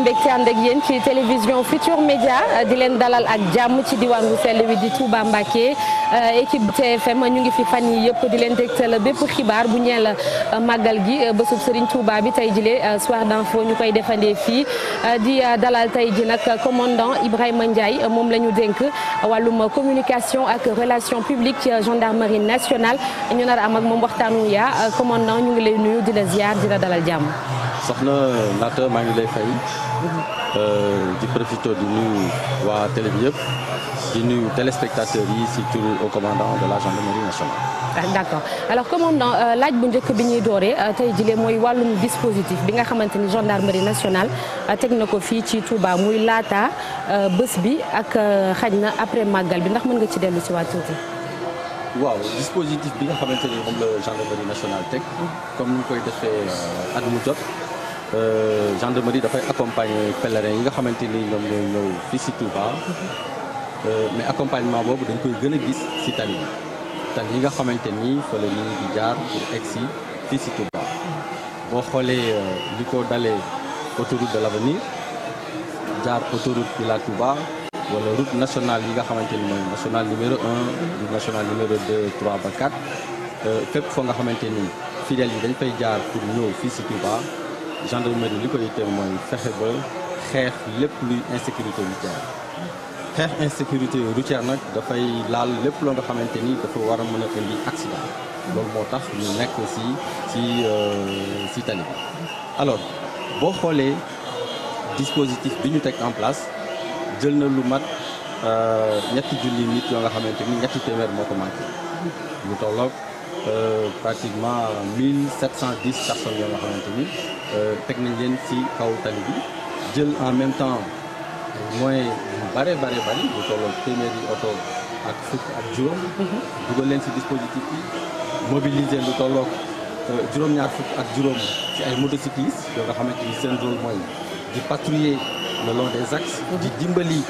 am mbégte ànd ak yéen ci télévision Futur Média di leen dalal ak jàmm ci diwaan bu sell wi di Touba Mbacké euh, équipe TFM ñu ngi fi fan yi yëpp di leen dégtal bépp xibaar bu ñeel euh, màggal gi euh, bésub Serigne Touba bi tey jile soir d'info ñu koy defandee fii di dalal tey ji nag commandant Ibrahima Ndiaye moom la ñu dénk wàllum communication ak relation publique ci gendarmerie nationale ñu nar am ak moom waxtaanu yaa commandant ñu ngi lay nuyu di la ziar di la dalal jàmm soxna Naata maa ngi lay fay euh, di profité di nuyu waa télé bi yëpp di nuyu téléspectateurs yi si au commandant de la gendarmerie nationale. Ah, d'accord alors commandant euh, laaj bu njëkk bi ñuy dooree euh, tey jile mooy wàllum dispositif bi nga xamante ni gendarmerie nationale teg na ko fii ci Touba muy laata bës bi ak xaj na après màggal bi ndax mën nga ci dellu si waat tuuti. waaw dispositif bi nga xamante moom la gendarmerie nationale teg comme ni koy Euh, gendarmerie dafay accompagner pèlerins yi nga xamante ni ñoom ñooy ñëw fii si Touba euh, mais accompagnement boobu dañ koy gën a gis ci tali bi tali yi nga xamante ni xoole ni ñu di jaar pour egg si fii si Touba boo xoolee euh, li ko dalee autoroute de l'avenir jaar autoroute Ila Touba wala route nationale yi nga xamante ni mooy nationale numéro 1 route nationale numéro 2 3 ba 4 fépp foo nga xamante ni fidèles yi dañ fay jaar pour ñëw fii si Touba gendarmerie li ko yitteem mooy fexe ba xeex lépp luy insécurité routière xeex insécurité routière nag dafay laal lépp loo nga xamante ni dafa war a mën a indi accident loolu moo tax ñu nekk si si si tali alors boo xoolee dispositif bi ñu teg en place jël na lu mat euh, ñetti junni nit yoo nga xamante ni ñetti téeméer moo ko manqué lu tolloog euh, pratiquement 1710 personnes yoo nga xamante ni Euh, teg nañ leen ci kaw tali bi jël en même temps moyen yu bare bare bari bu tolloon téeméeri oto ak fukk ak juróom mhm. dugal leen ci dispositif bi mobiliser lu tolloog euh, juróom-ñaar fukk ak juróom ci ay motocyclistes yoo nga xamante ni seen rôle mooy di patrouiller le long des axes mhm. di dimbali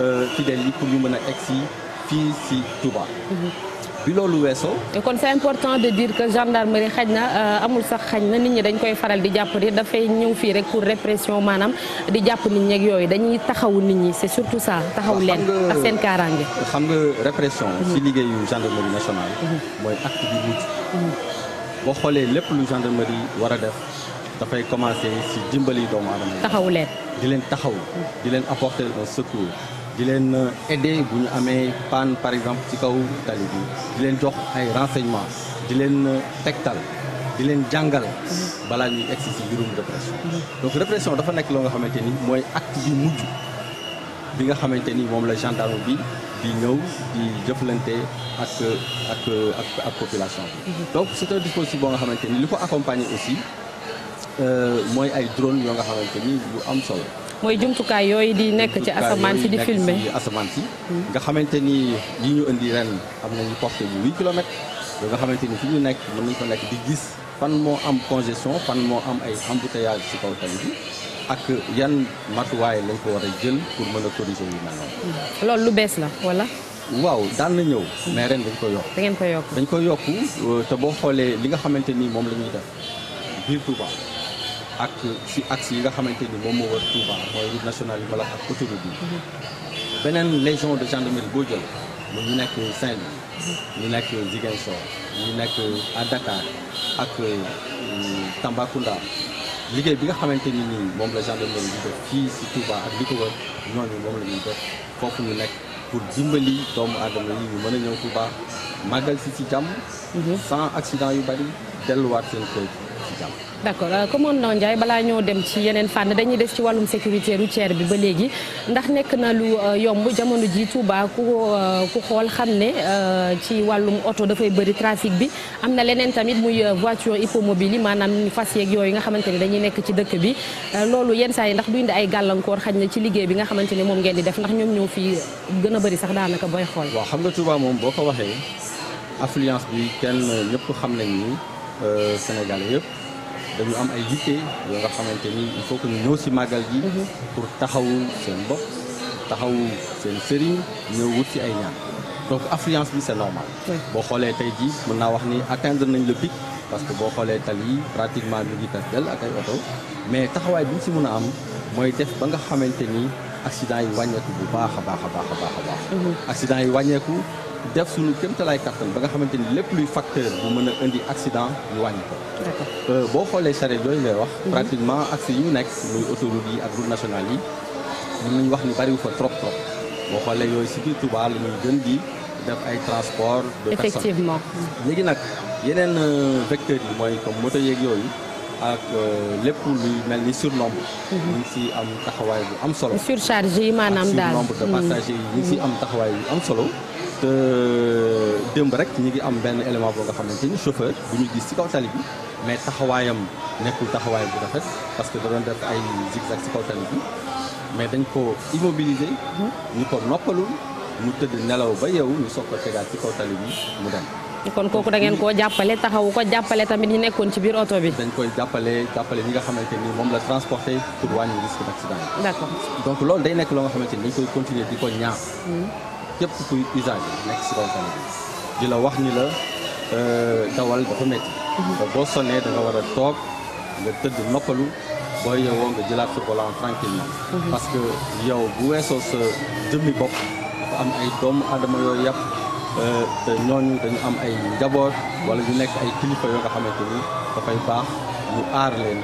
euh, fidèles yi pour ñu mën a egsi fii ci Touba mhm. bi loolu weesoo. kon c'est important de dire que gendarmerie xaj na euh, amul sax xaj na nit ñi dañ koy faral di jàpp ni dafay ñëw fii rek pour répression maanaam di jàpp nit ñi ak yooyu dañuy taxawu nit ñi c'est surtout ça. taxaw leen ak seen kaaraange. xam nga répression. Mhm. ci liggéeyu gendarmerie nationale. Mhm. mooy acte bi mujj. Mhm. boo xoolee lépp lu gendarmerie war a def dafay commencer ci dimbali doomu aadama. taxawu leen di leen taxaw di leen apporter un secours. di leen euh, aider bu ñu amee panne par exemple ci kaw tali bi di leen jox ay renseignements di leen euh, tegtal di leen jàngal balaa ñuy egsi ci mbirum répression donc répression dafa nekk loo nga xamante ni mooy acte bi mujj bi nga xamante ni moom la gendarme bi di ñëw di jëflante ak euh, ak ak ak population bi donc c'est un si boo nga xamante ni li ko accompagner aussi mooy ay drone yoo nga xamante ni lu am solo mooy jumtukaay yooyu di nekk ci asamaan si di filmer asamaan si nga xamante ni yi ñu indi ren am nañu portée bu 8 kilomètres yoo nga xamante ni fi ñu nekk mën nañu ko nekk di gis fan moo am congestion fan moo am ay embouteillage si kaw tali bi ak yan matuwaay lañ ko war a jël pour mën a corriger yu mel hmm. loolu lu bees la wala waaw daan na ñëw mais ren dañ koy yokk da ngeen ko dañ koy yokk euh, te boo xoolee li nga xamante ni moom la ñuy def biir Touba ak si axe yi nga xamante ni moom moo war Touba mooy route nationale yi wala ak autoroute bi beneen légion de gendarmerie boo jël mu ñu nekk Saint-Louis ñu nekk nekk à ak euh, Tambacounda liggéey bi nga xamante ni moom la gendarmerie di def fii si Touba ak li ko wër ñooñu moom la ñuy def foofu ñu nekk pour dimbali doomu aadama yi mën a ñëw Touba màggal si si jàmm mhm. sans accident yu bari delluwaat seen kër jàmm d' accord euh, commandant Ndiaye balaa ñoo dem ci yeneen fànn dañuy def ci wàllum sécurité routière bi ba léegi ndax nekk na lu euh, yomb jamono ji Touba ku euh, ku xool xam ne ci wàllum oto dafay bëri trafic bi am na leneen tamit muy voiture hippomobile yi maanaam fas yeeg yooyu nga xamante ne dañuy nekk ci dëkk bi loolu yenn saa yi ndax du indi ay gàllankoor xañ na ci liggéey bi nga xamante ne moom ngeen di def ndax ñoom ñëw fi gën a bëri sax daanaka booy xool waaw xam nga Touba moom boo ko waxee affluence bi kenn ñëpp xam nañ ni Sénégal yëpp dañu am ay yitte yoo nga xamante ni il faut que ñu ñëw si màggal gi. pour taxawu seen bopp taxawu seen sëriñ ñëw wut si ay ñaan donc affluence bi c'est normal. boo xoolee tey jii mën naa wax ni atteindre nañ le pic parce que boo xoolee tal yi pratiquement ñu ngi tas ak ay oto mais taxawaay bi ñu si mën a am mooy def ba nga xamante ni accident yi wàññeeku bu baax abaax baax a baax a baax mhm. yi wàññeeku. def suñu kéemtalaay kattan ba nga xamante ni lépp luy facteur bu mën a indi accident ñu wàññi euh, boo xoolee charrette yooyu lay wax. Mhm. pratiquement accès yu nekk muy autoroute yi ak route nationale yi mën nañu wax ni bariwu fa trop trop boo xoolee yooyu si biir Touba la ñuy gën di def ay transport de personnes effectivement léegi nag yeneen euh, vecteurs yi mooy comme moto yeeg yooyu. ak euh, lépp luy mel ni surnombre. Mhm. ñu ngi si am taxawaay bu am solo. surcharge yi maanaam daal surnombre de mhm. passagers yi ñu ngi si am taxawaay bu am solo. te euh, démb rek ñu ngi am benn élément boo nga xamante ni chauffeur bu ñu gis ci kaw tali bi mais taxawaayam nekkul taxawaayam bu rafet parce que da doon def ay zigzag ci kaw tali bi mais dañ ko immobiliser hmm. ñu ko noppalul mu tëdd nelaw ba yow ñu soog ko tegaat ci kaw tali bi mu dem. kon kooku da ngeen koo jàppale taxawu ko jàppale tamit ñu nekkoon ci biir oto bi. dañ koy jàppale jàppale ñi nga xamante ni moom la transporté pour wàññi risque d'accident. d'accord donc ni dañ koy continuer di ko ñaax. Hmm. képp kuy usager nekk si kaw tali bi di la wax ni la euh, dawal dafa métti mhm. te boo sonnee da war a toog nga tëdd noppalu booy yeewoo nga jëlaat sa volant tranquillement mhm. parce que yow bu weesoo sa jëmmi bokk dafa am ay doomu aadama yooyu yàpp euh, te ñooñu dañu am ay njaboot walla ñu nekk ay kilifa yoo nga xamante ni dafay baax ñu aar leen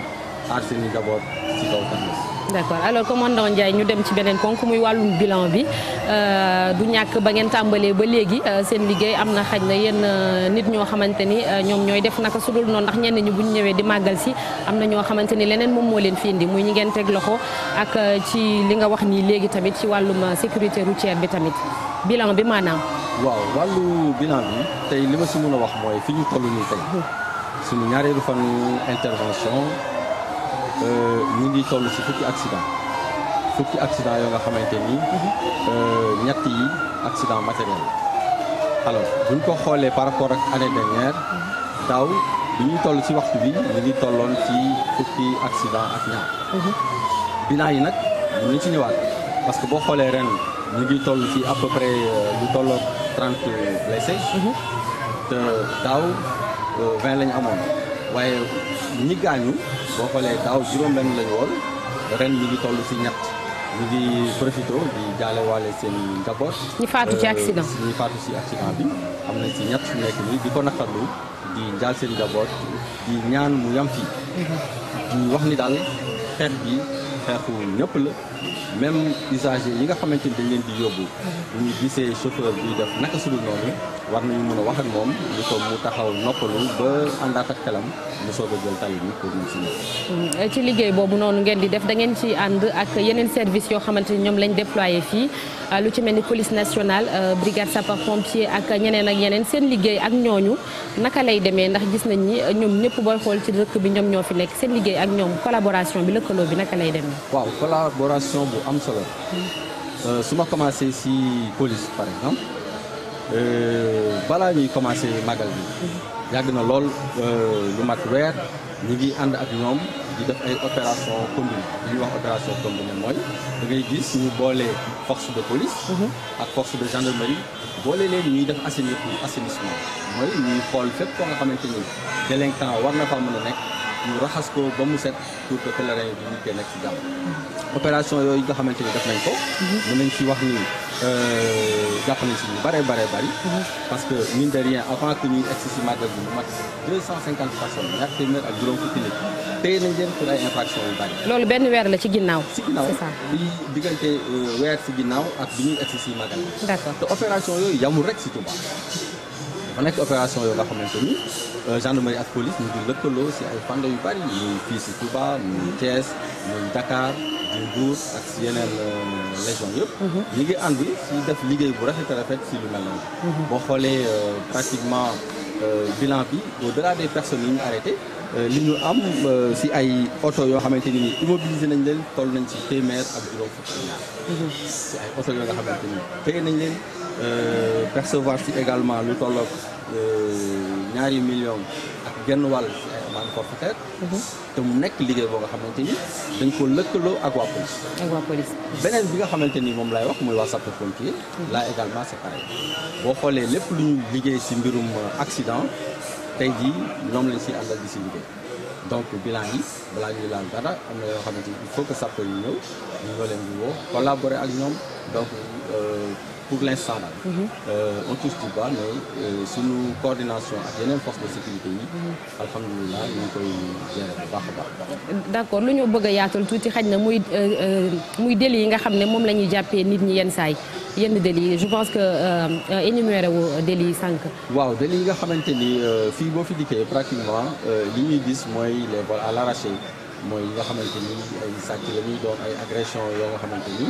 aar suñu njaboot ci kaw tamit. d'accord alors commandant ñu dem ci beneen ponk muy wàllum bilan bi euh, du ñàkk ba ngeen tàmbalee ba léegi euh, seen liggéey am na xaj na yenn euh, nit ñoo xamante ni ñoom ñooy def naka su dul noonu ndax ñenn ñi bu ñu ñëwee di màggal si am na ñoo xamante ni leneen moom moo leen fii indi muy ñi ngeen teg loxo ak ci li nga wax nii léegi tamit ci wàllum sécurité routière bi tamit bilan bi maanaam. waaw wàllu bilan bi tey li ma si mën a wax mooy fi ñu toll nii tey. Mmh. suñu ñaareelu Euh, ñu ngi toll si fukki accident fukki accident yoo nga xamante ni euh, ñett yi accident matériel alors bu ñu ko xoolee par rapport ak année dernière daaw bi ñuy toll si waxtu bi ñu ngi tolloon ci fukki accident ak ñaar bilan yi nag ñu ci ñëwaat parce que boo xoolee ren ñu ngi toll ci à peu près euh, lu tolloog trente blessés te daaw vingt la amoon waaye ñi boo xoolee daaw juróom-benn lañu woon ren ñu ngi toll si ñett ñu ngi profité di jaale waale seen njaboot. ñi faatu ci euh, accident ñi faatu si accident bi am na si ñett nekk nii di ko naqarlu di jaal seen njaboot di ñaan mu yam fii. di wax ni daal xeet bi xeexu ñëpp la. même usagers yi nga xamante ni dañ leen di yóbbu. Mhm. bu ñu gisee chauffeur bi def naka sulu noonu war nañu mën a wax ak moom lu taxaw noppalu ba àndaat xelam mu soog a jël tali bi mm, ci liggéey boobu noonu ngeen di def da ngeen ci ànd ak yeneen service yoo xamante ni ñoom lañ déployé fii ah, lu ci mel ni police nationale euh, brigade sapeur pompier ak ñeneen ak yeneen seen liggéey ak ñooñu naka lay demee ndax gis nañ ni euh, ñoom ñëpp booy xool ci dëkk bi ñoom ñoo fi nekk seen liggéey ak ñoom collaboration bi lëkkaloo bi naka lay demee. waaw collaboration bu am solo. Mm. Euh, su ma commencé si Euh, balaa ñuy commencé magal bi yàgg na lool euh, lu mat weer ñu ngi ànd ak ñoom di def ay opération combinée li ñuy wax opération ne mooy da ngay gis ñu boolee force de police mhm. ak force de gendarmerie boole leen ñuy def assainissement mooy ñuy xool fépp koo nga xamante ni délinquant war na fa mën a nekk ñu raxas ko ba mu set pour que pèlerin yi yooyu nga xamante ni def nañ ko. Mhm. mën nañ ci wax ni euh, jàpp nañ ci ñu bare bare bari. Mhm. parce que mine de rien avant que ñuy egsi ci màggal bi mu mat 250 loolu benn weer la ci ginnaaw. ci ginnaaw bi diggante euh, weer ci ginnaaw ak bi ñuy egsi ci màggal. te opération yooyu yamul rek ci Touba. dafa nekk opération yoo nga xamante ni euh, gendarmerie ak police ñu ngi lëkkaloo si ay fànn yu bari muy fii si Touba muy Thiès muy Dakar di Mbour ak si yeneen euh, région yëpp mhm. ñu ngi ànd si def liggéey bu rafet a rafet si lu mel noonu mhm. boo xoolee euh, pratiquement bilan bi au-delà des personnes yu ñu arrêté li ñu am si ay oto yoo xamante ni nii immobilisé nañ leen toll nañ si téeméer ak juróom fukk ñaar si mhm. leen Euh, percevoir si également lu tolloog euh, ñaari million ak genn wàll si ay mhm. te mu nekk liggéey boo nga xamante ni dañ ko lëkkaloo ak waa police ak waa beneen bi nga xamante ni moom lay wax mooy waa sapeur pompier mhm. là également c'est pareil boo xoolee lépp lu ñu liggéey si mbirum euh, accident tey jii ñoom lañ si àndal di si liggéey donc bilan yi balaa ñuy laal dara am na yoo xamante ni il faut que sapeur yi ñëw ñu ñoo leen di woo collaborer ak ñoom donc pour l'instant daal on touche du bois mais euh, suñu coordination ak yeneen force de sécurité yi mhm. alhamdulilah ñu ngi koy gérer bu baax a baax d'accord lu ñoo bëgg a yaatal tuuti xaj na muy euh, euh, muy délits yi nga xam ne moom la ñuy jàppee nit ñi yenn saay yenn délits je pense que énuméré wu délits yi sànq waaw délits yi nga xamante ni fii boo fi dikkee pratiquement li ñuy gis mooy les vols à l'arraché mooy yi nga xamante ni ay sàcc la doon ay agression yoo nga xamante ni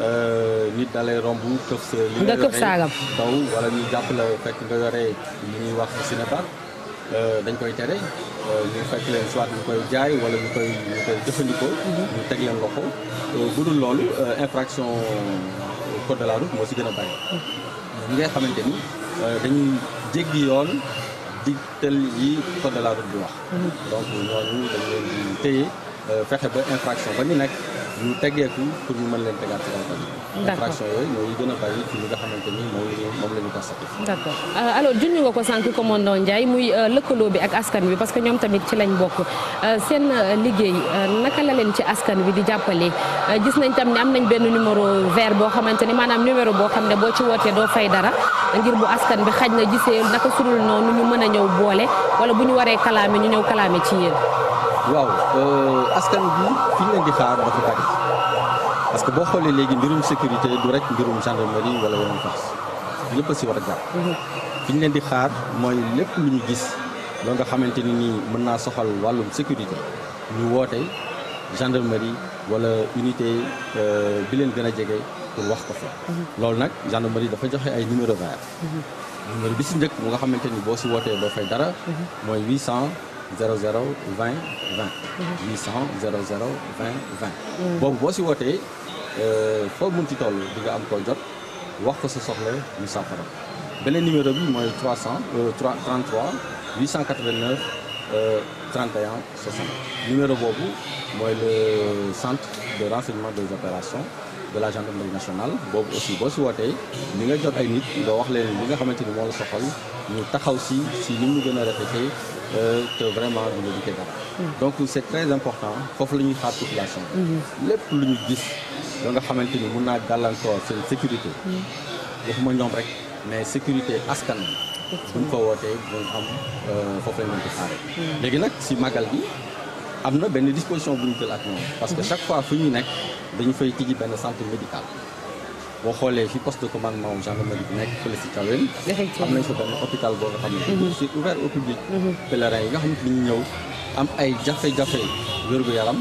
Euh, nit da lay romb këf sa li nga këf saagam daw wala ñu jàpp la fekk nga yore li ñuy wax si sinébar euh, dañ koy tere euh, ñu fekk leen soit ñu koy jaay wala ñu koy jëfandikoo mhm. ñu teg leen loxo bu dul loolu infraction code de moo ci gën a bari mhm. ñi ngay xamante ni dañuy jéggi yoon digtal yi code de la bi wax mhm. donc ñooñu dañ leen di fexe ba infraction ba ñu nekk ñu teggeeku pour ñu mën leen tegaat ci campagne bi. d'accord infraction yooyu a nga xamante ni moom la ñu moom la ñu constaté. d'accord euh, alors junj nga ko sànq commandant Ndiaye muy euh, lëkkaloo bi ak askan wi parce que ñoom tamit ci lañ bokk euh, seen liggéey naka la leen ci askan wi di jàppale gis nañ tam ne am nañ benn numéro vert boo xamante ni maanaam numéro boo xam ne boo ci wootee doo fay dara ngir bu askan bi xaj na gisee naka sudul noonu ñu mën a ñëw boole wala bu ñu waree kalaame ñu ñëw kalaame ci yéen. waaw euh, askan bi fi ñu leen di xaar dafa bari parce que boo xoolee léegi mbirum sécurité du rek mbirum gendarmerie wala yeneen force yëpp a si war a jàpp. Mhm. fi leen di xaar mooy lépp lu ñu gis loo nga xamante ni nii mën naa soxal wàllum sécurité ñu woote gendarmerie wala unité euh, bi leen gën a jege pour wax ko fa. Mhm. loolu nag gendarmerie dafa joxe ay numéro vert mhm. numéro bi si njëkk mu nga xamante ni boo si wootee doo fay dara. mooy 800. 00 20 20. 800 00 20 20. boobu boo si wootee euh, foo mun ci toll di nga am ko jot wax ko sa soxla ñu saafara beneen numéro bi mooy 300 33 889 31 60 numéro boobu mooy le centre de renseignement des opérations de la gendarmerie nationale boobu aussi boo si wootee li nga jot ay nit nga wax leen li nga xamante ni moo la soxal ñu taxaw si si ni mu gën a répété. Euh, que vraiment du la dikkee dara donc c'est très important foofu la ñuy xaar population mm-hmm. lépp lu ñu gis da nga xamante ni mun naa gàllankoor seen sécurité mm. ma ñoom rek mais sécurité askan buñ ko wootee dinañ am euh, foofu la ñu ko mm. léegi nag si magal bi am na benn disposition bu ñu jël ak moom parce que mm-hmm. chaque fois fu ñuy nekk dañu fay tijji benn centre médical boo xoolee fi poste de commandement wu gendarmerie bi nekk fële si Kawen. am nañ fa benn hôpital boo nga xam ne. c'est ouvert au public. pèlerins yi nga xam ne ñu ñëw am ay jafe-jafe wér-gu-yaram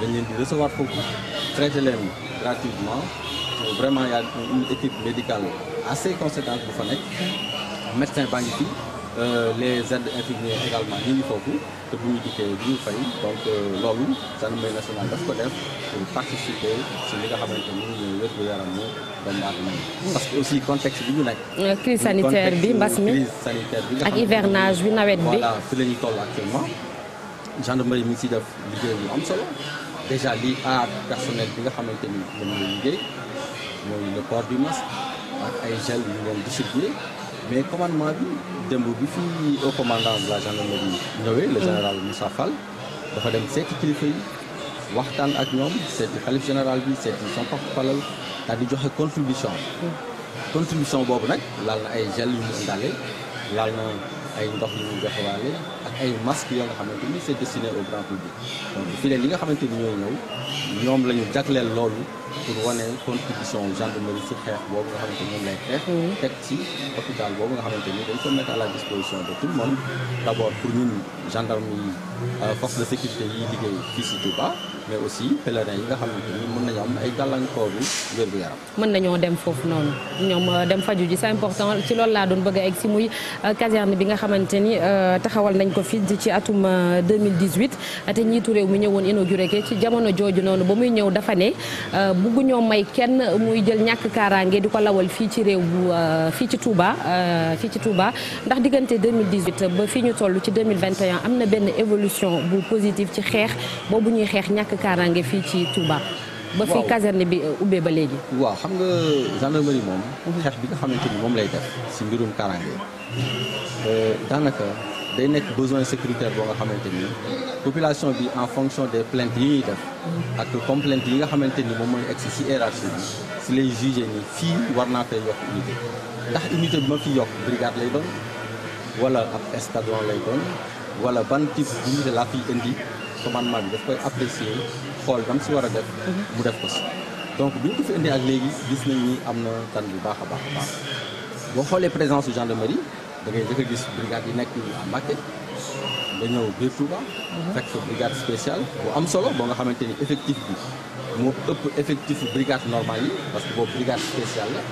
dañ leen di recevoir foofu traité leen gratuitement vraiment y a une équipe médicale assez conséquente bu fa nekk médecin baa ngi fi. Euh, les aides infirmières également ñu ngi foofu te bu ñu dikkee du ñu fay donc euh, loolu gendarmerie nationale daf ko def pour euh, participer si li nga xamante ni ñooy wér gu yaramu doomu aadama yi parce que aussi contexte bi ñu nekk. crise sanitaire bi mbas mi crise sanitaire bi ak hivernage bi nawet bi. voilà fi la ñuy toll actuellement gendarmerie mi ngi si def liggéey bu am solo déjà lii aar personnel bi nga xamante ni moom la liggéey mooy le port du masque ak ay gel yu ñu doon distribuer. mais commandement bi démb bi fi au commandant de la ñëwee le général Moussa Fall dafa dem seeti kilifa yi waxtaan ak ñoom seeti xalif général bi seeti son porte-parole daal di joxe contribution contribution boobu nag laal na ay gel yu mu indaale laal na ay ndox yu mu joxewaale ak ay masques yoo nga xamante ni c'est destiné au grand public donc fii leen li nga xamante ni ñooy ñëw ñoom la ñu jagleel loolu pour wane contribution gendarmerie si xeex boobu nga xamante ni moom lay xeex mm-hmm. ci hôpital boobu nga xamante ni la disposition de tout le monde d' abord pour ñun gendarme yi euh, force de sécurité yi liggéey fii si Touba mais aussi pèlerins yi nga xamante ni mën am ay gàllankooru wér gu yaram mën nañoo dem foofu noonu ñoom euh, dem faju ji c'est important ci loolu laa doon bëgg a egg si muy euh, caserne bi nga xamante ni taxawal nañ ko fi ci atum 2018 te njiitu réew mi ñëwoon ke ci jamono jooju noonu ba muy ñëw dafa ne bugguñoo may kenn muy jël ñàkk kaaraange di ko lawal fii ci réew bu euh, fii ci Touba euh, fii ci Touba ndax diggante 2018 ba fii ñu toll ci 2021 am na benn évolution bu positive ci xeex boobu ñuy xeex ñàkk kaaraange fii ci Touba. ba fi caserne bi euh, ubbee ba léegi. waaw xam nga gendarmerie moom. xeex bi nga xamante ni moom lay def si mbirum kaaraange daanaka. day nekk besoin sécuritaire boo nga xamante ni population bi en fonction des plaintes yi ñuy def ak complaintes yi nga xamante ni moom mooy egg si hiérarchie bi si lay jugé ni fii war naa fee yokk unité ndax unité bi ma fi yokk brigade lay doon wala ab escadron lay doon wala ban type d'unité laa fiy indi commandement bi daf koy apprécier xool dam si war a def mu def ko si donc bi ñu ko fi indee ak léegi gis nañ ni am na tan bu baax a baax a baax boo xoolee présence su gendarmerie da ngay gis brigade yi nekk Mbacké nga ñëw biir Touba. fekk brigade spéciale bu am solo boo nga xamante ni effectif bi moo ëpp effectif brigade normale yi parce que boobu brigade spéciale la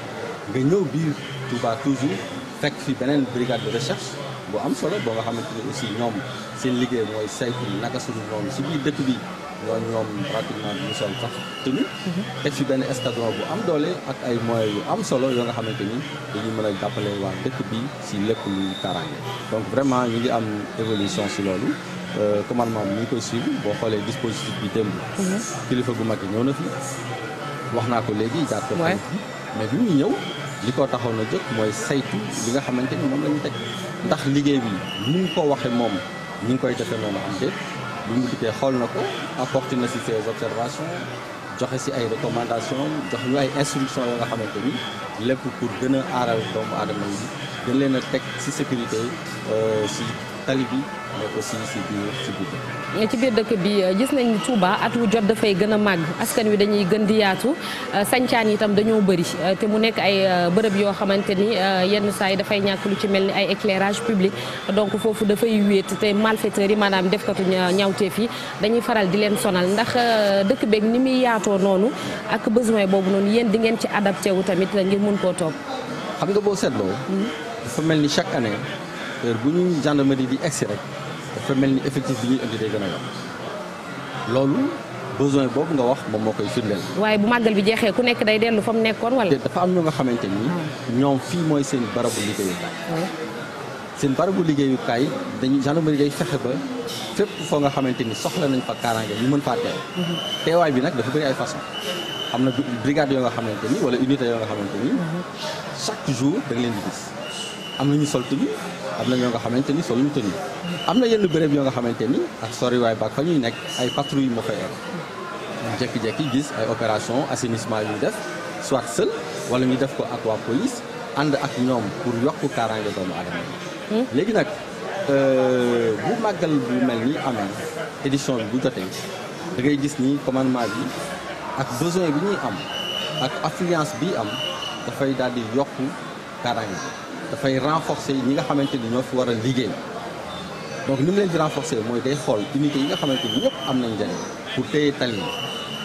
nga ñëw biir Touba toujours fekk fi beneen brigade de recherche bu am solo boo nga xamante ni aussi ñoom seen liggéey mooy saytu naka suñu noonu si biir dëkk bi. loolu ñoom pratiquement ñu sol sax tenue te fi benn escadron bu am doole ak ay moyens yu am solo yoo nga xamante ni dañuy mën a jàppale waa dëkk bi si lépp luy kaaraange donc vraiment ñu ngi am évolution si loolu euh, commandement bi ngi koy suivre boo xoolee dispositif bi démb mhm. kilifa gu mag yi ñëw na fi wax naa ko léegi jàpp ko mais bi muy ñëw li ko taxoon na jóg mooy saytu li nga xamante ni moom la ñu teg ndax liggéey bi ni mu ko waxee moom ñu ngi koy defee noonu am déet bi mu dikkee xool na ko apporté na si ses observations joxe si ay recommandations joxe ñu ay instructions yoo nga xamante ni lépp pour gën a aaral doomu aadama yi gën leen a teg si sécurité si euh, tali bi. ci biir dëkk bi euh, gis nañ ni Touba at wu jot dafay gën a màgg askan wi dañuy gën di yaatu euh, sancaan yi itam dañoo bëri euh, te mu nekk ay bërëb yoo xamante ni yenn saa yi dafay ñàkk lu ci mel ni ay éclairage public donc foofu dafay wéet te malfaiteurs yi maanaam defkatu ñaawteef yi dañuy faral di leen sonal ndax dëkk beeg ni muy yaatoo noonu ak besoin boobu noonu yéen di ngeen ci adapté wu tamit ngir mun koo toog. xam nga boo seetloo. Hmm. dafa mel ni chaque année heure bu ñu gendarmerie di egsi rek. dafa mel ni effectif bi ñuy indi day gën a yokk loolu besoin boobu nga wax moom moo koy firndeel. waaye bu màggal bi jeexee ku nekk day dellu fa mu nekkoon wala. dafa am ñu nga xamante nii ah. ñoom fii mooy seen barabu liggéeyukaay. Ah. seen barabu liggéeyukaay dañuy gendarmerie day fexe ba fépp foo nga xamante ni soxla nañ fa kaaraange ñu mën faa teew. Mhm. teewaay bi nag dafa bëri ay façon am na brigade yoo nga xamante ni wala unité yoo nga xamante ni mhm. chaque jour da nga leen di gis. am na ñu sol tenue am na ñoo nga xamante ni soluñu tenue am na yenn béréb yoo nga xamante ni ak soriwaay baak fa ñuy nekk ay patrouille moo fay am jékki-jékki gis ay opération assainissement yu ñu def soit seul wala ñu def ko ak waa police ànd ak ñoom pour yokk kaaraange doomu aadama yi hmm? léegi nag euh, bu màggal bu mel ni amee édition bi bu jotee da ngay gis ni commandement bi ak besoin bi ñuy am ak affluence bi am dafay daal di yokk kaaraange dafay renforcer ñi nga xamante ni ñoo fi war a liggéey donc ni mu leen di renforcer mooy day xool unité yi nga xamante ni ñëpp am nañ njëriñ pour téye tali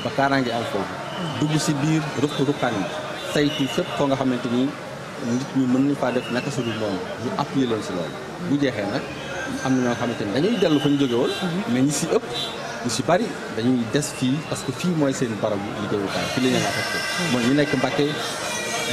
ba kaaraange am foofu dugg si biir ruq ruqaan yi saytu fépp foo nga xamante ni nit mën nañ faa def naka su dul noonu ñu appuyer leen si loolu bu jeexee nag am na ñoo xamante ni dañuy dellu fa ñu jóge woon mais si ëpp ñu si bari dañuy des fii parce que fii mooy seen barabu liggéeyukaay fi la ñu affecté mooy ñu nekk Mbacké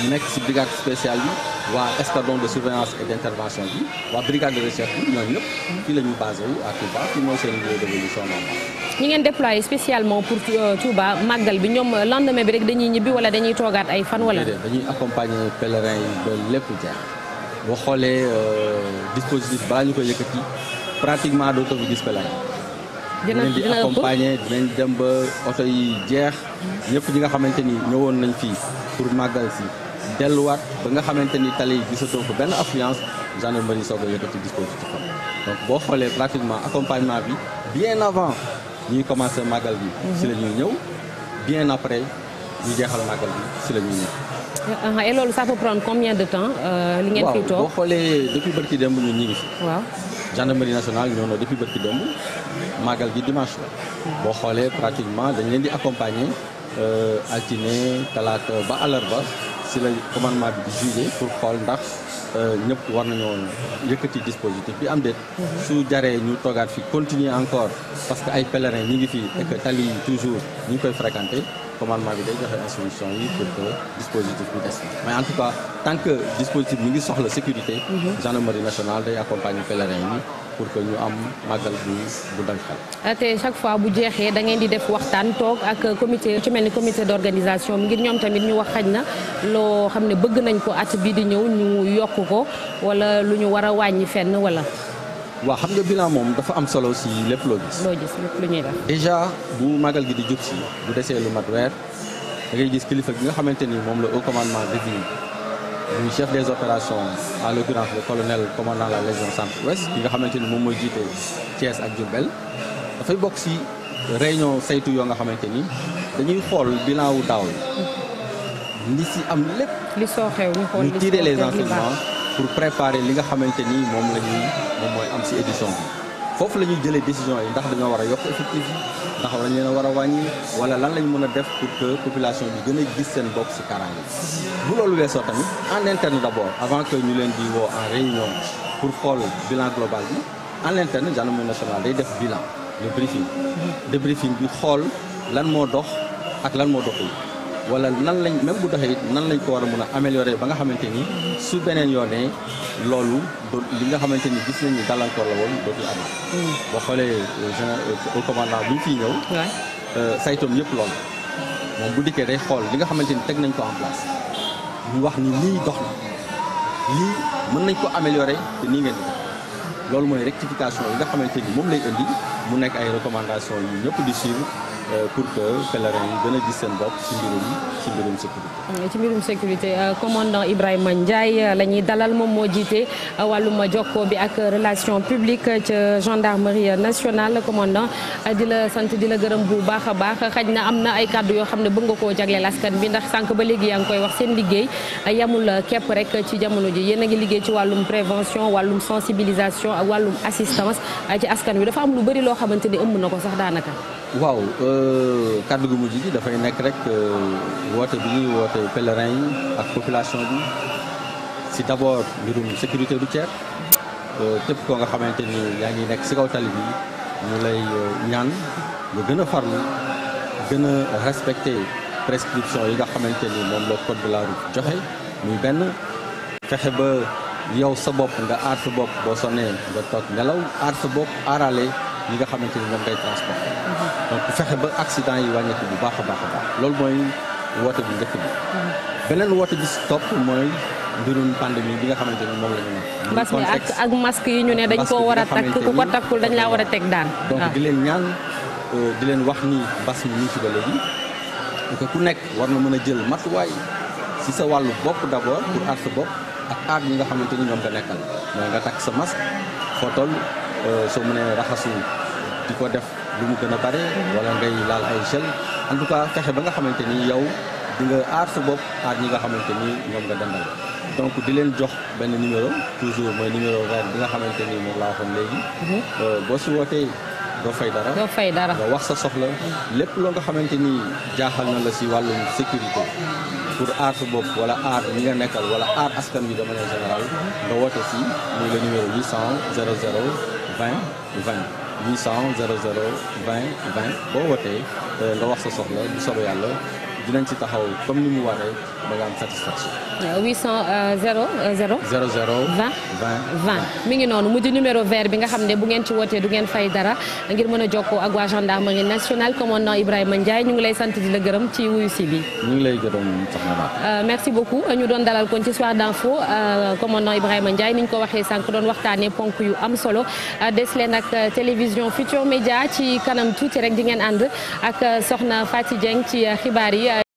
ñu nekk si brigade spéciale bi waa escadron de surveillance et d' intervention bi waa brigade de recherche bi ñooñu ñëpp fii la ñuy basé wu à Touba fii mooy seen lieu d'évolution normal ñi ngeen déployé spécialement pour euh, Touba màggal bi ñoom euh, lendemain bi rek dañuy ñibbi wala dañuy toogaat ay fan wala dañuy accompagner pelerin yi ba lépp jeex boo xoolee euh, dispositif balaa ñu koy yëkkati pratiquement doo ko fi gis pèlerins dina di accompagner dinañ dem ba oto yi jeex mm-hmm. ñëpp nga xamante ni ñëwoon nañ fii pour màggal si delluwaat ba nga xamante ni tali yi gisatoo ko benn affluence gendarmerie soog a yëkkati dispositif am donc boo xoolee pratiquement accompagnement bi bien avant ñuy commencé màggal bi si mhm. la ñuy ñëw bien après ñu jeexal màggal bi si la ñuy ñëw ah, et loolu ça peut prendre combien de temps euh, li ngeen fiy toog boo xoolee depuis bërki démb ñun ñi ngi fi waaw gendarmerie nationale ñoo na depuis bërki démb màggal bi dimanche la boo xoolee pratiquement dañ leen di accompagner euh, altine talaata ba àllarba si la commandement bi di jugé pour xool ndax euh, ñëpp war nañoo yëkkati dispositif bi am déet. Mhm. su jaree ñu toogaat fi continuer encore parce que ay pèlerins ñi ngi fi. et que tali yi toujours ñu ngi koy fréquenter commandement bi day joxe instruction yi pour que dispositif bi des mais en tout cas tant que dispositif mi ngi soxla sécurité. Mhm. gendarmerie nationale day accompagner pèlerins yi. pour que ñu am màggal bu bu dankal ah, te chaque fois bu jeexee da ngeen di def waxtaan toog ak comité ci mel ni comité d'organisation ngir ñoom tamit ñu wax xaj na loo xam ne bëgg nañ ko at bi di ñëw ñu yokk ko wala lu ñu war a wàññi fenn wala. waaw xam nga bilan moom dafa am solo si lépp loo gis. loo lépp lu ñuy def. déjà bu màggal gi di jub si bu desee lu mat weer da ngay gis kilifa gi nga xamante ni moom la au commandement défini muy chef des opérations à l'occurrence le colonel commandant la légion centre-ouest bi nga xamante ni moom mooy jiite Thiès ak Diourbel dafay bokk ci réunion saytu yoo nga xamante ni dañuy xool bilan wu daaw li ci am lépp. li soo xew ñu xool li tirer les enseignements pour préparer li nga xamante ni moom la moom mooy am ci édition foofu la ñuy jëlee décision yi ndax dañoo war a yokk effectif yi ndax dañ leen a war a wàññi wala lan lañ mën a def pour que population bi gën a gis seen bopp si kaaraange bu loolu weesoo tamit en interne d'abord avant que ñu leen di woo en réunion pour xool bilan global bi en interne gendarmerie nationale day def bilan le briefing débriefing bi xool lan moo dox ak lan moo doxul wala nan lañ même bu doxee nan lañ ko war a mun a améliorer ba nga xamante ni su beneen yoonee loolu li nga xamante ni gis nañu gàllankoor la woon dootul am. Hmm. boo xoolee euh, au euh, buñ bi fii ñëw. Euh, saytoom yëpp loolu. moom bu dikkee day xool li nga xamante ni teg nañ ko en place ñu wax ni lii dox na lii mën nañ ko améliorer te nii ngeen loolu mooy rectification yi nga xamante ni moom lay indi mu nekk ay recommandations yu ñëpp di suivre. Euh, pour que pèlerins yi gën a gis ci mbirum sécurité. ci euh, commandant Ibrahima Ndiaye euh, la ñuy dalal moom moo jiite wàllum jokkoo bi ak relation publique ca gendarmerie nationale commandant di la sant di la gërëm bu baax a baax xaj na am na ay kàddu yoo xam ne bëgg nga ko jagleel askan bi ndax sànq ba léegi yaa ngi koy wax seen liggéey yamul képp rek ci jamono ji yéen a ngi liggéey ci wàllum prévention wàllum sensibilisation wàllum assistance ci askan wi dafa am lu bëri loo xamante ni ëmb na ko sax daanaka. waaw euh, kàddu gu mujj gi dafay nekk rek euh, woote bi ñuy woote pèlerin yi ak population bi si d' abord mbirum sécurité routière euh, képp ko nga xamante ni yaa ngi nekk si kaw tali bi ñu lay ñaan nga gën a farlu gën a respecté prescription yi nga xamante ni moom la code de la joxe muy benn fexe ba yow sa bopp nga aar sa bopp boo sonnee nga toog nelaw aar sa bopp aarale yi nga xamante ni moom transport mhm. donc fexe ba accident yi wàññeeku bu baax a baax a baax loolu mooy woote bu njëkk bi. beneen woote bi si topp mooy mbirum pandémie bi nga xamante ne moom la ñu ne. mbas mi ak ak yi ñu ne dañ koo war a takk ku ko dañ laa war a teg daan. donc di leen ñaan euh, di leen wax ni mbas mi ñu ci ba léegi que ku nekk war na mën a jël matuwaay si sa wàllu bopp d'abord pour aar sa bopp ak ñi nga xamante ni ñoom nga nekkal mooy nga takk sa masque foo toll euh, soo mënee raxasu di ko def. lu mu gën a bare wala ngay laal ay gel en tout ba nga xamante ni yow di nga aar sa bopp aar ñi nga xamante ni ñoom nga dandal donc di leen jox benn numéro toujours mooy numéro vert bi nga xamante ni moom laa waxoon léegi mhm. euh, boo si wootee doo fay dara doo fay dara nga wax sa soxla lépp loo nga xamante ni jaaxal na la si wàllum sécurité pour aar su bopp wala aar ñi nga nekkal wala aar askan bi dama manière générale nga woote si muy le numéro 800 00 20 20 800 00 20 20 boo wootee euh, nga wax sa soxla bu soobee yàlla dinañ ci taxaw comme ni mu waree ba nga am 800 0 0. 00 20 20 mi ngi noonu mu di numéro ver bi nga xam ne bu ngeen ci wootee du ngeen fay dara ngir mën a jokkoo ak waa gendarmerie nationale commandant Ibrahima Ndiaye ñu ngi lay sant di la gërëm ci wuyu si bi. ñu ngi lay gërëm euh, merci beaucoup ñu doon dalal kon ci soir d'info euh, commandant Ibrahima Ndiaye ni ñu ko waxee sànq doon waxtaanee ponk yu am solo euh, des leen ak télévision Futur Média ci kanam tuuti rek di ngeen ànd ak soxna Fatou Dieng ci xibaar yi.